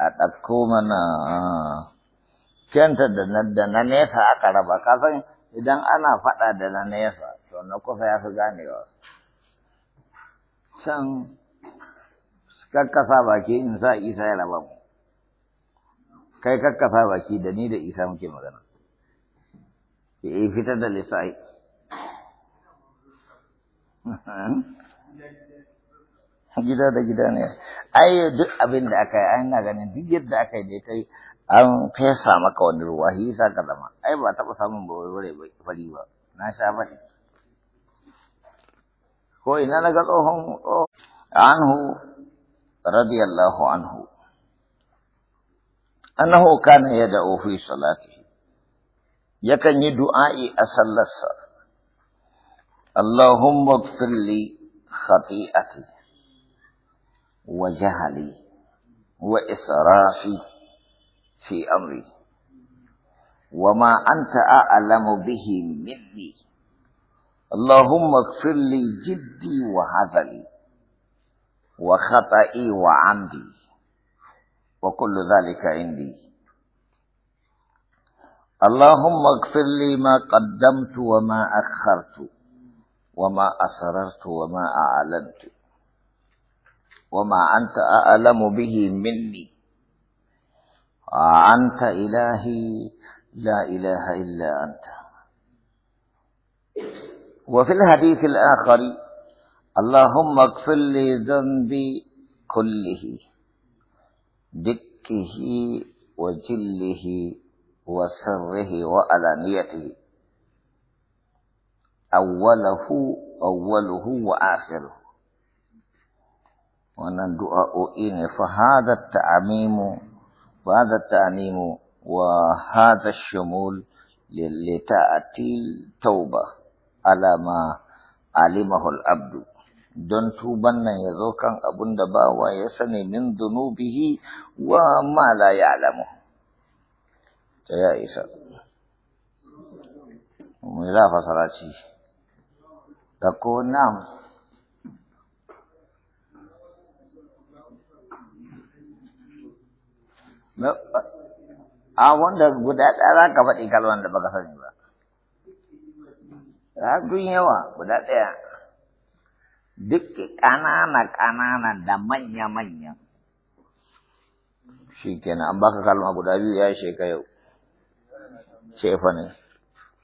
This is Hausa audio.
a ɗauko mana kyanta da na nesa aka raba kasan idan ana faɗa da na nesa to na kusa ya fi ganewa can kakkasa baki in sa isa ya raba mu kai kakkasa baki da ni da isa muke magana ya eh, fitar da lissahi gida da gida ne ai duk abin da aka yi ai na ganin duk yadda aka yi da kai an fesa maka wani ruwa shi yasa ka zama ai ba taɓa samun bawai fari ba na sha ba ne. ko ina na ga tsohon anhu radiyallahu anhu annahu kana yad'u fi salati yakan yi du'a'i a sallarsa Allahumma ighfir li khati'ati وجهلي وإسرافي في أمري وما أنت أعلم به مني اللهم اغفر لي جدي وهزلي وخطئي وعمدي وكل ذلك عندي اللهم اغفر لي ما قدمت وما أخرت وما أسررت وما أعلنت وما أنت أعلم به مني أنت إلهي لا إله إلا أنت وفي الحديث الآخر اللهم اغفر لي ذنبي كله دكه وجله وسره وعلانيته أوله أوله وآخره wannan du'a'o'i ne fa hadha ta'mimu hadha ta'mimu wa hadha shumul li ta'til tauba ala ma alimahu al-abdu don tuban nan ya zo kan abun da bawa ya sani min dunubihi wa ma la ya'lamu ta ya isa mu za fasara ci ta ko nam a wanda guda ɗaya za ka faɗi kalman da baka sani ba za duk yawa guda ɗaya duk ƙanana ƙanana da manya manya shi kenan an baka kalma guda biyu ya sheka yau shefa ne